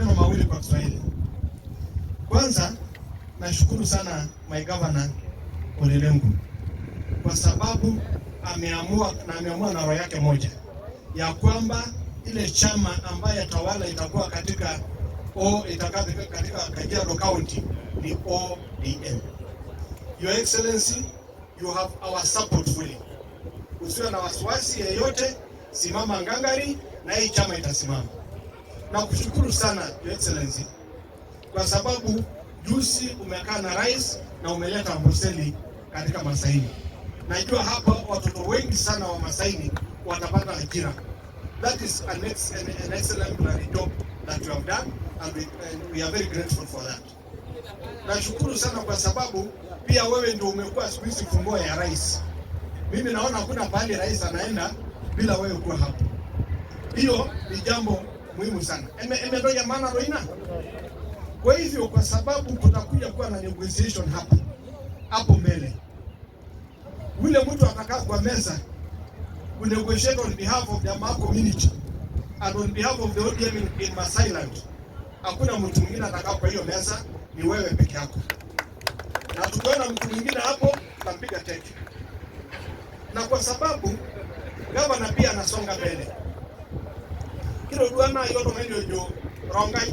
Neno mawili kwa Kiswahili. Kwanza, nashukuru sana my governor kolelengu kwa sababu ameamua na ameamua na roho yake moja ya kwamba ile chama ambayo tawala itakuwa katika o itakuwa katika Kajiado County ni ODM. Your Excellency, you have our support fully. Usiwe na wasiwasi yeyote, simama ngangari na hii chama itasimama na kushukuru sana Your Excellency kwa sababu juzi umekaa na rais na umeleta Amboseli katika Masaini. Najua hapa watoto wengi sana wa Masaini watapata ajira. That is an, ex an, an excellent job that you have done and we, and we are very grateful for that. Nashukuru sana kwa sababu pia wewe ndio umekuwa siku hizi funguo ya rais. Mimi naona hakuna pahali rais anaenda bila wewe kuwa hapo. Hiyo ni jambo muhimu sana. Emedoya maana roina. Kwa hivyo kwa sababu kutakuja kuwa na negotiation hapa hapo mbele, yule mtu atakaa kwa meza ku negotiate on behalf of the Maa community and on behalf of the ODM in, in Masailand. Hakuna mtu mwingine atakaa kwa hiyo meza, ni wewe peke yako, na tukiona mtu mwingine hapo tampiga teke, na kwa sababu gavana pia anasonga mbele kiro duwa ma yoto men yo jo rongai